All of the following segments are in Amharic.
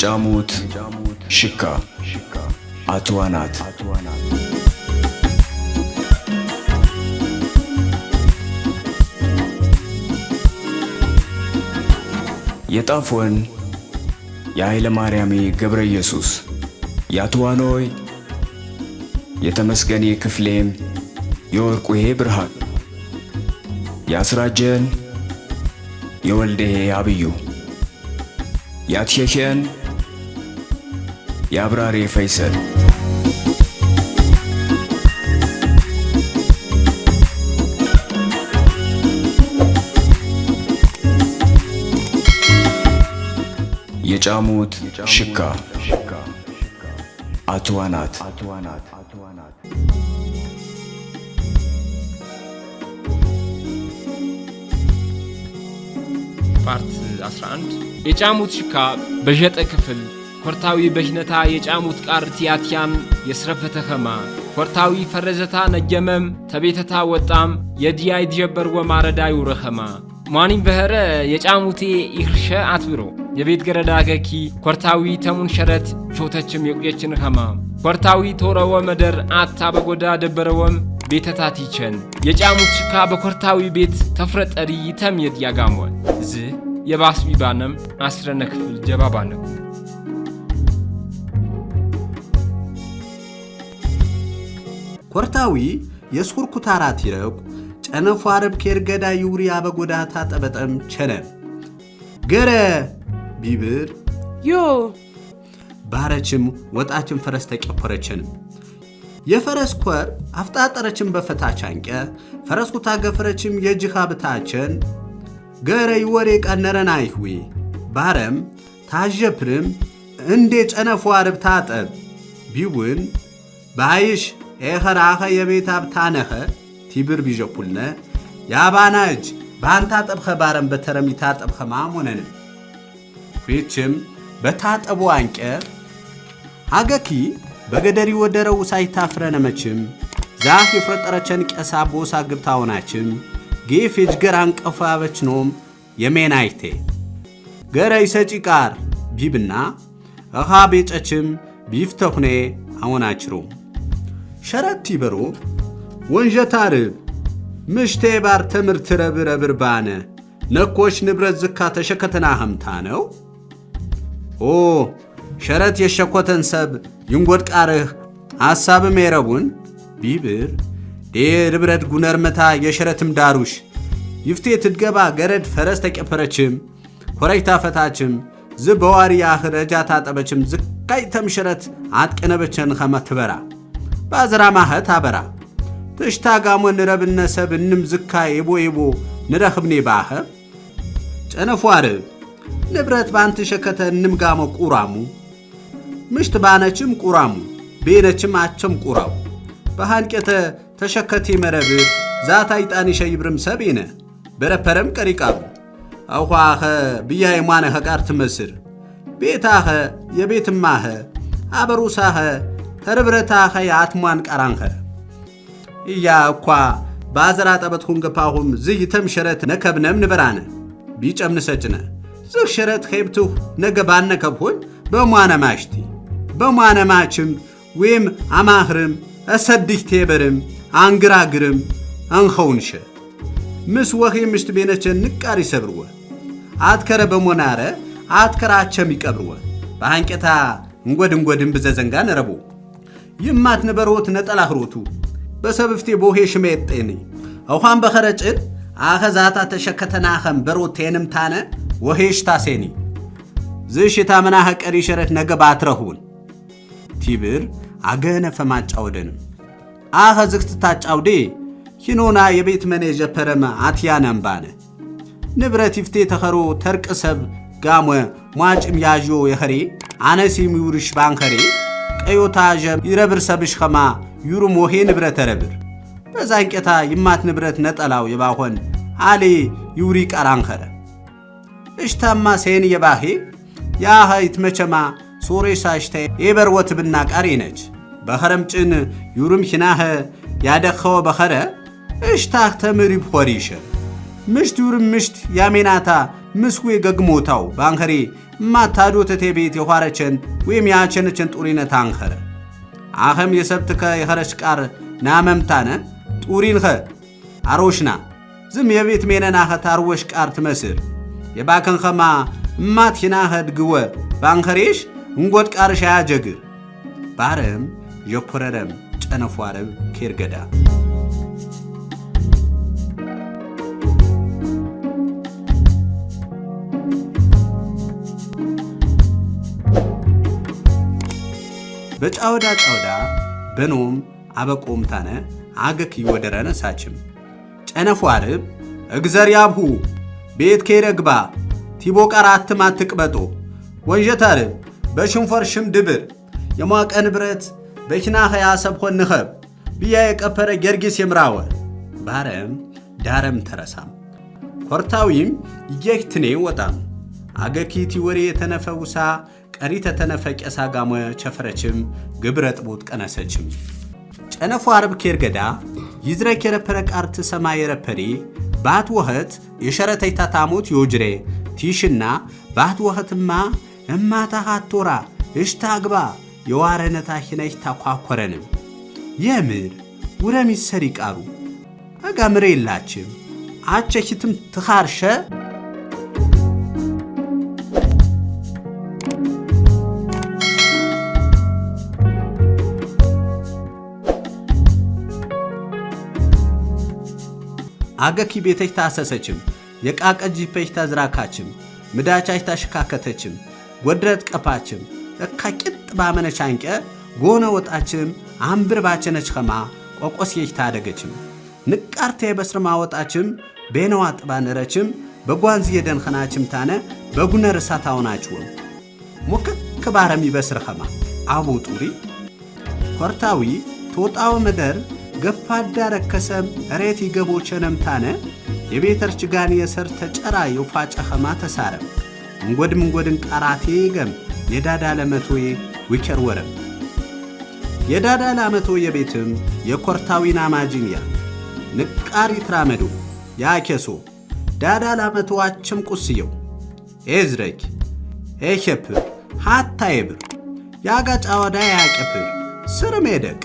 የጫሙት ሽካ አትዋናት የጣፎን የኃይለ ማርያሜ ገብረ ኢየሱስ የአትዋኖይ የተመስገኔ ክፍሌም የወርቁሄ ብርሃን የአስራጀን የወልደሄ አብዩ ያትሸሸን የአብራሪ ፈይሰል የጫሙት ሽካ አትዋናት ፓርት 11 የጫሙት ሽካ በዠጠ ክፍል ኮርታዊ በሽነታ የጫሙት ቃር ቲያትያም የስረፈተ ኸማ ኮርታዊ ፈረዘታ ነጀመም ተቤተታ ወጣም የዲያይ ድጀበር ወማረዳ ይውረኸማ ሟኒም በኸረ የጫሙቴ ይኽርሸ አትብሮ የቤት ገረዳ ገኪ ኮርታዊ ተሙን ሸረት ቾተችም የቁየችን ኸማ ኮርታዊ ቶረወ መደር አታ በጎዳ ደበረወም ቤተታቲቸን የጫሙት ሽካ በኮርታዊ ቤት ተፍረጠሪ ተምየድ ያጋሟል ዝ የባስቢባነም አስረነ ክፍል ጀባባ ነው ኮርታዊ የስኩር ኩታራ ይረቁ ጨነፉ አረብ ኬርገዳ ይውሪ አበጎዳታ ጠበጠም ቸነ ገረ ቢብር ዮ ባረችም ወጣችን ፈረስ ተጨኮረችንም የፈረስ ኮር አፍጣጠረችም በፈታች አንቀ ፈረስ ኩታ ገፈረችም የጅኻ ብታችን ገረ ይወሬ ቀነረን አይህዊ ባረም ታዠፕርም እንዴ ጨነፉ አረብ ታጠብ ቢውን ባይሽ ኤኸራኸ የቤት አብታነኸ ቲብር ቢዠፑልነ የአባና እጅ በአንታ ጠብኸ ባረም በተረሚታ ጠብኸ ማሞነንም ፌችም በታጠቡ አንቀ አገኪ በገደሪ ወደረው ሳይታፍረነመችም ዛፍ የፍረጠረቸን ቀሳ ቦሳ ግብታውናችም ጌፍ የጅገር አንቀፋበች ኖም የሜናይቴ ገረ ይሰጪ ቃር ቢብና እኻ ቤጨችም ቢፍተኩኔ አወናችሩም ሸረቲ በሮ ወንጀታር ምሽቴ ባር ተምርት ረብረብር ባነ ነኮች ንብረት ዝካ ተሸከተና ሀምታ ነው ኦ ሸረት የሸኮተን ሰብ ይንጎድ ቃርህ ሐሳብ ሜረቡን ቢብር ዴ ርብረት ጉነር መታ የሸረትም ዳሩሽ ይፍቴ ትድገባ ገረድ ፈረስ ተቀፈረችም ኮረጅታ ፈታችም ዝ በዋርያ ረጃ ታጠበችም ዝካይተም ሸረት አትቀነበቸን ኸመትበራ ባዝራ ማኸት አበራ ትሽታ ጋሞ ንረብነ ሰብ እንም ዝካ የቦ የቦ ንረኽብኔ ባኸ ጨነፏር ንብረት ባንቲ ሸከተ እንም ጋሞ ቁራሙ ምሽት ባነችም ቁራሙ ቤነችም አቸም ቁራው በሃንቄተ ተሸከቴ መረብ ዛታ ይጣን ይሸይብርም ሰብ ነ በረፐረም ቀሪቃቡ አውኋኸ ብያ የሟነ ኸቃር ትመስር ቤታኸ የቤትማኸ አበሩሳኸ ተርብረታኸ የአትሟን ቀራንኸ እያ እኳ በአዘራ ጠበት ዝይ ተም ሸረት ነከብነም ንበራነ ቢጨም ንሰጭነ ዝኽ ሸረት ኼብትሁ ነገባነ ከብሆን በሟነ ማሽቲ በሟነ ወይም አማኽርም አሰድጅ ቴበርም አንግራግርም አንኸውንሸ ምስ ወኺ ምሽት ቤነቸ ንቃር ይሰብርወ አትከረ በሞናረ አትከራቸም ይቀብርወ በአንቄታ እንጐድ እንጐድም ብዘዘንጋ ነረቡ ይማት ነበርዎት ነጠላ ኽሮቱ በሰብፍቴ ቦሄ ሽሜጤኒ አውዃን በኸረጭድ ኣኸ ዛታ ተሸከተናኸም በሮት ወሄሽ ታሴኒ ዝሽ መናኸ ቀሪ ሸረት ነገ ባትረሁን ቲብር አገነ አገነፈ ማጫወደንም ኣኸ ዝክትታጫውዴ ኪኖና የቤት መኔጀር ፐረመ አትያነምባነ ንብረት ይፍቴ ተኸሮ ተርቅ ሰብ ጋመ ሟጭም ያዥዮ የኸሬ አነሲም ይውርሽ ባንኸሬ ዕዮታ ዠም ይረብር ሰብሽ ኸማ ዩሩም ወኼ ንብረ ተረብር በዛንቄታ ይማት ንብረት ነጠላው የባኾን አሌ ይውሪ ቃራንኸረ እሽታማ ሴን የባኼ ያኸ ይትመቸማ ሶሬ ሳሽተ ኤበርወት ብና ቃሪ ነች በኸረም ጭን ዩሩም ሂናኸ ያደኸወ በኸረ እሽታኽ ተምሪብ ኾሪሸ ምሽት ዩርም ምሽት ያሜናታ ምስዌ ገግሞታው ባንኸሬ ማታዶት እቴ ቤት የኋረችን ወይም ያቸንችን ጡሪነ ታንኸረ አኸም የሰብትከ የኸረች ቃር ናመምታነ ጡሪንኸ አሮሽና ዝም የቤት ሜነናኸ ታርወሽ ቃር ትመስል የባከንኸማ እማት ሂናኸ ድግወ ባንኸሬሽ እንጎድ ቃርሽ አያጀግር ባረም የኮረረም ጨነፏረብ ኬርገዳ በጫወዳ ጫወዳ በኖም አበቆምታነ አገክ ይወደረነ ሳችም ጨነፉ አርብ እግዘር ያብሁ ቤት ኬረግባ ቲቦ ቀራትም አትቅበጦ ወንጀት አርብ በሽንፈር ሽም ድብር የሟቀን ብረት በኪና ኸያ ሰብኮን ንኸብ ብያ የቀፈረ ጌርጌስ የምራወ ባረም ዳረም ተረሳም ኮርታዊም እየክትኔ ወጣም አገኪቲ ወሬ የተነፈውሳ ቀሪተ ተነፈቀ ሳጋመ ቸፈረችም ግብረ ጥቦት ቀነሰችም ጨነፎ አርብ ኬር ገዳ ይዝረ የረፐረ ቃርት ሰማ የረፐሪ ባት ወህት የሸረተይታ ታሞት ዮጅሬ ቲሽና ባት ወኸትማ እማታኻቶራ እሽታ ግባ የዋረነታ ሂነይ ታኳኮረንም የምር ውረም ይሰሪ ቃሩ አጋምሬ የላችም አቸ ሂትም ትኻርሸ አገኪ ቤተች ታሰሰችም የቃቀጂፔች ተዝራካችም ምዳቻች ታሽካከተችም ጎድረት ቀፋችም እካ ቂጥ ባመነች አንቀ ጎነ ወጣችም አንብር ባቸነች ኸማ ቆቆስየች ታደገችም ንቃርቴ በስርማ ወጣችም ቤነዋ ነረችም በጓንዝ የደንኸናችም ታነ በጉነ ርሳት አውናችውም ሞከክ ባረሚ በስር ኸማ አቡ ጡሪ ኮርታዊ ቶጣው መደር ገፋዳ ረከሰም ሬት ይገቦቸነም ታነ የቤተር ጋን የሰር ተጨራ የውፋጨ ኸማ ተሳረም እንጐድ ምንጐድን ቃራቴ ገም የዳዳ ለመቶዬ ዊኬር ወረም የዳዳ ላመቶ የቤትም የኰርታዊን አማጂንያ ንቃር ይትራመዱ ያኬሶ ዳዳ ላመቶ አችም ቁስየው ኤዝረክ ኤሸፕ ሃታ የብር ያጋጫ ወዳ ያቄፕ ስርም የደቅ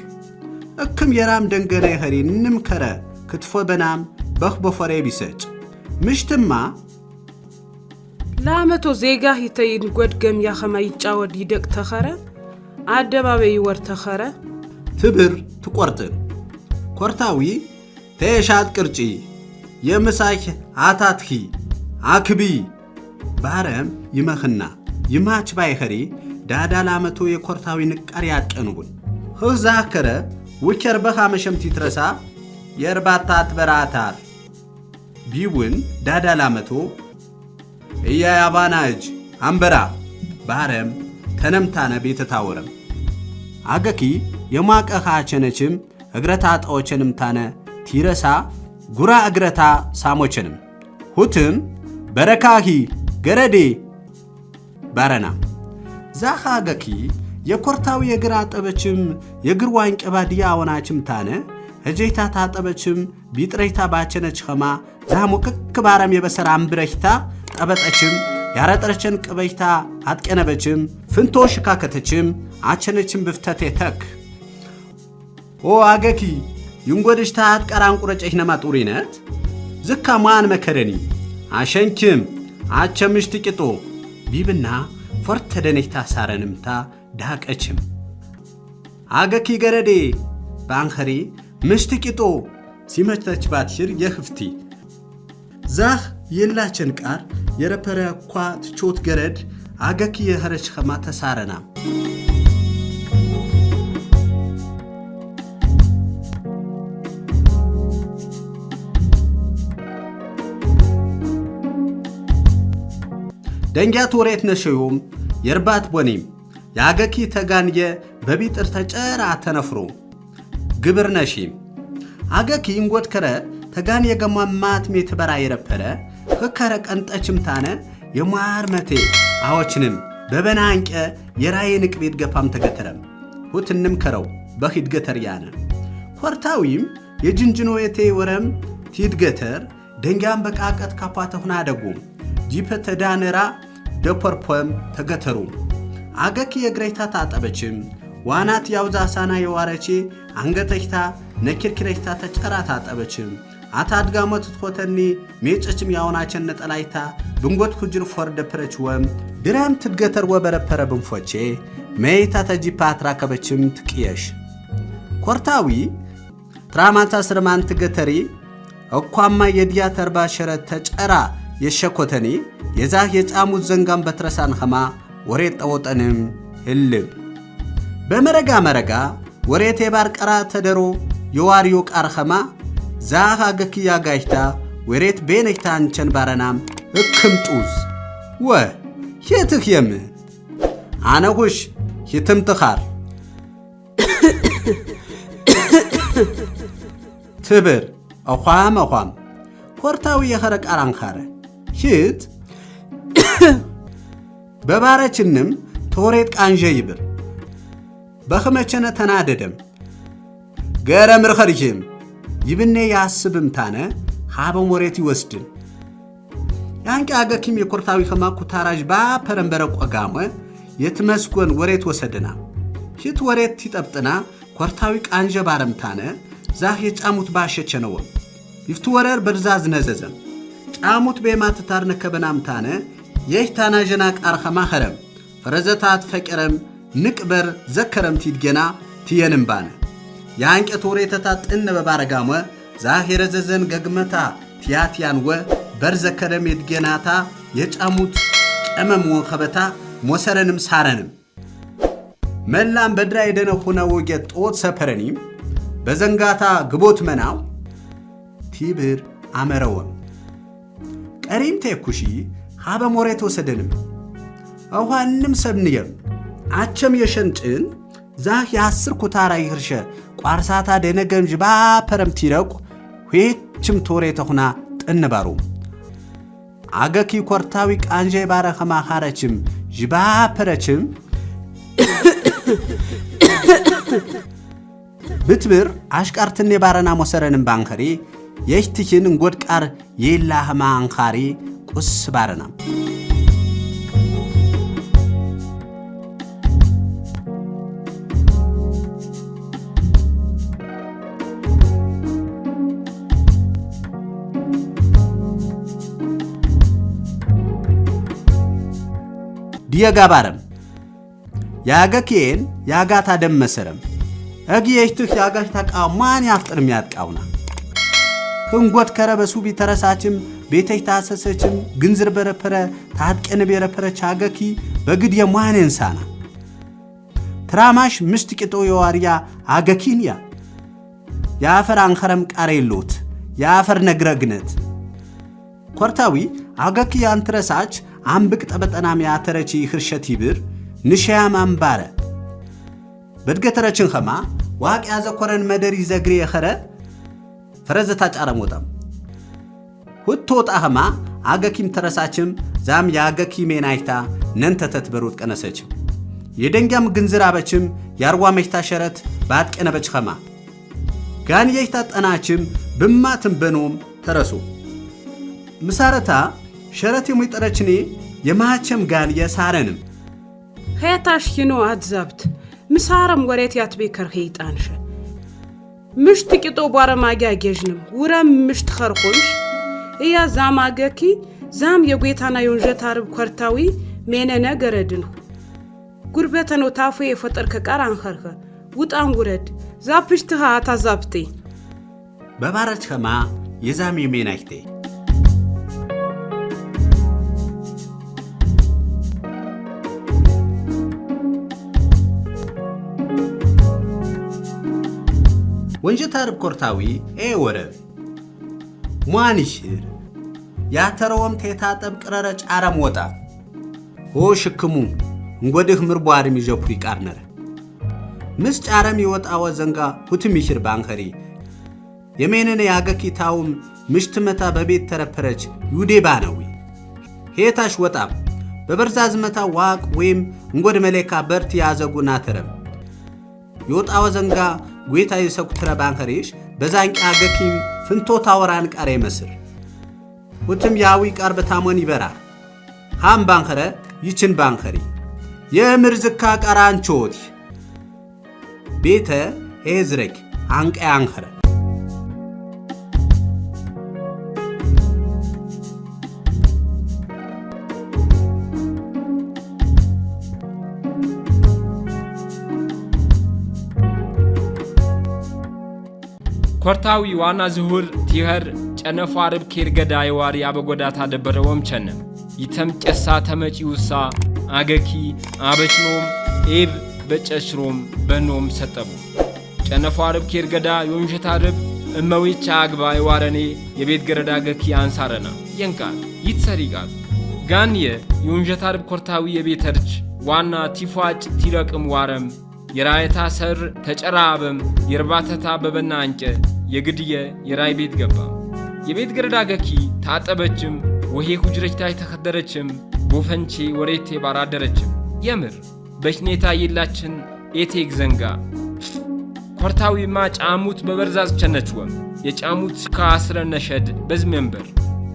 እክም የራም ደንገነ ይኸሪ ንምከረ ክትፎ በናም በፈሬ ቢሰጭ ምሽትማ ለአመቶ ዜጋ ሂተይን ጐድገም ያኸማ ይጫወድ ይደቅ ተኸረ አደባባይ ይወር ተኸረ ትብር ትቈርጥን ኰርታዊ ተየሻጥ ቅርጪ የምሳይ አታትኺ አክቢ ባረም ይመኽና ይማች ባይኸሪ ዳዳ ላመቶ የኰርታዊ ንቃር ያቀንቡን ህዛከረ ወከርበኻ መሸምቲ ትረሳ የእርባታት በራታር ቢውን ዳዳላ መቶ እያ ያባና አንበራ ባረም ተነምታነ ቤተ አገኪ የማቀኻ ቸነችም እግረታ ጣዎቸንም ታነ ቲረሳ ጉራ እግረታ ሳሞችንም ሁትም በረካሂ ገረዴ ባረና ዛኻ አገኪ የኮርታው የግር አጠበችም የግር ዋንቄ ባድያ አወናችም ታነ እጀይታ ታጠበችም ቢጥረይታ ባቸነች ኸማ ዛሙ ቅክ ባረም የበሰር አንብረሽታ ጠበጠችም ያረጠረችን ቅበይታ አጥቀነበችም ፍንቶ ሽካከተችም አቸነችም ብፍተቴ ተክ ኦ አገኪ ይንጎድሽታ አጥቀራን ቁረጨሽ ነማ ጡሪነት ዝካ ማን መከረኒ አሸንኪም አቸምሽ ትቂጦ ቢብና ፎርተደነሽታ ሳረንምታ ዳቀችም አገኪ ገረዴ በአንኸሬ ምሽት ቂጦ ሲመቸች ባትሽር የኽፍቲ ዛህ የላችን ቃር የረፐረ ኳ ትቾት ገረድ አገኪ የኸረች ኸማ ተሳረና ደንጊያት ወሬት ነሸዮም የርባት ቦኔም ያገኪ ተጋንየ በቢጥር ተጨራ ተነፍሮ ግብር ነሺ አገኪ ከረ እንጎድከረ ተጋንየ ገሟማት ሜትበራ የረፐረ ህከረ ቀንጠችም ታነ የማር መቴ አዎችንም በበና አንቀ የራዬ ንቅቤት ገፋም ተገተረም ሁትንም ከረው በሂድ ገተር ያነ ኮርታዊም የጅንጅኖ የቴ ወረም ቲድ ገተር ደንጋም በቃቀት ካፓተሁና አደጉም ጂፐ ተዳነራ ደፖርፖም ተገተሩም አገክ የእግረይታ ታጠበችም ዋናት ያውዛ ሳና የዋረቼ አንገተችታ ነኪርኪረችታ ተጨራ ታጠበችም አታድጋ መቱት ትኮተኒ ሜጨችም ያውናቸን ነጠላይታ ብንጎት ኩጅር ፎርደ ፕረች ወም ድራም ትገተር ወበረፐረ ብንፎቼ መይታ ተጂ ፓትራ ከበችም ትቅየሽ ኮርታዊ ትራማታ ስርማን ትገተሪ እኳማ የድያ ተርባ ሸረት ተጨራ የሸኮተኒ የዛህ የጫሙት ዘንጋም በትረሳን ኸማ ወሬት ጠወጠንም ህልብ በመረጋ መረጋ ወሬት የባር ቀራ ተደሮ የዋርዮ ቃርኸማ ኸማ ዛኻ ገክያ ጋጅታ ወሬት ቤነጅታ አንቸን ባረናም እክም ጡዝ ወ የትህ የም አነሁሽ ሂትም ትኻር ትብር አዃም አዃም ኮርታዊ የኸረ ቃር ሂት በባረችንም ቶሬት ቃንዠ ይብል በኸመቸነ ተናደደም ገረ ምርኸርኪም ይብኔ ያስብም ታነ ሃበ ሞሬት ይወስድን ያንቂ አገኪም የኮርታዊ ከማኩ ታራዥ ባፐረንበረ ቆጋመ የትመስጎን ወሬት ወሰደና ሂት ወሬት ይጠብጥና ኮርታዊ ቃንዠ ባረምታነ ዛህ የጫሙት ባሸቸነወም ይፍቱ ወረር በድዛዝ ነዘዘም ጫሙት ቤማ ትታር ታነ የህታና ዠናቅ አርኸማ ኸረም ፈረዘታት ፈቀረም ንቅበር ዘከረም ቲድ ትየንምባነ የአንቄት ወሬተታ ጥነ በባረጋመ ዛሄረ ዘዘን ገግመታ ቲያትያንወ በርዘከረም የድጌናታ የጫሙት ቀመም ወኸበታ ሞሰረንም ሳረንም መላም በድራ የደነ ኹነ ወጌት ጦት ሰፐረኒም በዘንጋታ ግቦት መናው ቲብር አመረወም ቀሪም ቴኩሺ ሀበሞሬ ተወሰደንም አውሃንም ሰብንየ አቸም የሸንጭን ዛህ የአስር ኩታራ ይህርሸ ቋርሳታ ደነገም ጅባ ፐረምቲ ረቁ ዌችም ቶሬ ተኹና ጥንባሩ አገኪ ኮርታዊ ቃንዤ ባረ ኸማኻረችም ጅባ ፐረችም ብትብር አሽቃርትኔ ባረና ሞሰረንም ባንኸሪ የሽትሽን እንጎድቃር የላ ኸማ አንኻሪ ቅዱስ ባረና የጋባረም ያገኬን ያጋታ ደመሰረም እግየሽትህ ያጋሽ ተቃማን ያፍጥርም ያጥቃውና ህንጎት ከረበሱ ቢተረሳችም ቤተች ታሰሰችም ግንዝር በረፐረ ታጥቀን በረፐረ ቻገኪ በግድ የሟን እንሳና ትራማሽ ምስት ቂጦ የዋርያ አገኪንያ የአፈር አንኸረም ቃር የሎት የአፈር ነግረግነት ኮርታዊ አገኪ አንትረሳች አንብቅ ጠበጠናም ያተረች ህርሸት ይብር ንሸያም አምባረ በድገተረችን ኸማ ዋቅ ያዘኮረን መደር ዘግሬ የኸረ ፈረዘታ ጫረሞጣም ሁቶጣህማ አገኪም ተረሳችም ዛም የአገኪሜን አይታ ነንተ በሮት ቀነሰችም የደንጋም ግንዝር አበችም የአርዋ መሽታ ሸረት ባትቀነበች ኸማ የይታ ጠናችም ብማትም በኖም ተረሱ ምሳረታ ሸረት የሚጠረችኔ የማቸም ጋን የሳረንም ኸያታሽ ይኖ አትዛብት ምሳረም ወሬት ያትቤ ያትቤከር ኸይጣንሸ ምሽት ቂጦ ቧረ ማጊያ ጌዥንም ውረም ምሽት ኸርኾንሽ እያ ዛም አገኪ ዛም የጎታና የወንዠት አርብ ኮርታዊ ሜነነ ገረድን ጉርበተ ነው ታፎ የፈጠር ከቃር አንኸርኸ ውጣን ጉረድ ዛፕሽትኻ ታዛብቴ በባረች ከማ የዛም የሜናይቴ ወንዠት አርብ ኰርታዊ ኤ ወረብ ሟንሽር ያተረወም ቴታ ጠብቅረረ ጫረም ወጣ ኦ ሽክሙ እንጎድህ ምርቧርም ይጀኩ ይቃርነረ ምስ ጫረም ይወጣወ ዘንጋ ሁትም ይሽር ባንኸሪ የሜነነ ያገኪታውም ምሽትመታ በቤት ተረፈረች ይውዴ ባነዊ ሄታሽ ወጣም በበርዛዝመታ ዋቅ ወይም እንጎድ መሌካ በርት ያዘጉ ናተረም የወጣወ ዘንጋ ጌታ የሰኩትረ ባንኸሪሽ በዛንቂ አገኪም ፍንቶታ ወራን ቃሬ መስር ውትም ያዊ ቃር በታሞን ይበራ ሃም ባንኸረ ይችን ባንኸሪ የምርዝካ ቃራን ቾቲ ቤተ ሄዝረክ አንቀ አንኸረ ኮርታዊ ዋና ዝሁር ቲኸር ጨነፏ ርብ ኬር ገዳይ ዋሪ አበጎዳታ ደበረ ወምቸነ ይተም ጨሳ ተመጪ ውሳ አገኪ አበችኖም ኤብ በጨሽሮም በኖም ሰጠቡ ጨነፏ ርብ ኬር ገዳ የወንሸታ ርብ እመዊቻ አግባ የዋረኔ የቤት ገረዳ ገኪ አንሳረና የንቃል ይትሰሪቃል ጋንየ የወንጀታ ርብ ኮርታዊ የቤተርች ዋና ቲፏጭ ቲረቅም ዋረም የራየታ ሰር ተጨራበም የርባተታ በበና አንጨ የግድየ የራይ ቤት ገባ። የቤት ገረዳ ገኪ ታጠበችም፣ ወሄ ሁጅረች ታይ ተከደረችም፣ ቦፈንቼ ወሬቴ ባራደረችም። የምር በሽኔታ የላችን ኤቴግ ዘንጋ ኮርታዊማ ጫሙት በበርዛዝ ቸነችወም የጫሙት ከአስረ ነሸድ በዝመንበር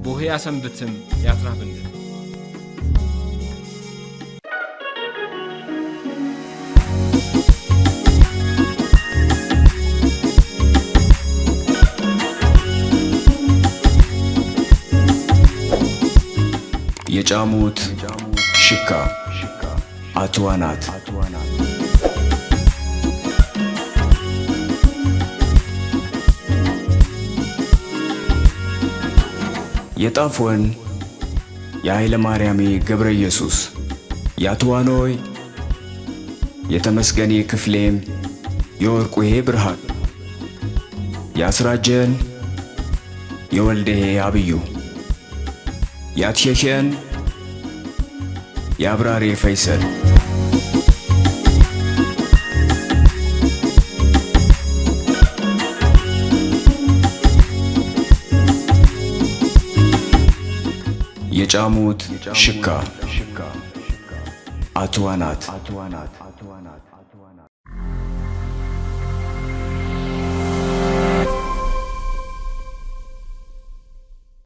ቦሄ አሰንብትም ያትራብንድን የጫሙት ሽካ አትዋ የጣፍወን የኃይለ ማርያሜ ገብረ ኢየሱስ የአትዋኖይ የተመስገኔ ክፍሌም የወርቁሄ ብርሃን የአስራጀን የወልደሄ አብዩ ያትሸሸን የአብራሪ ፈይሰል የጫሙት ሽካ አትዋናት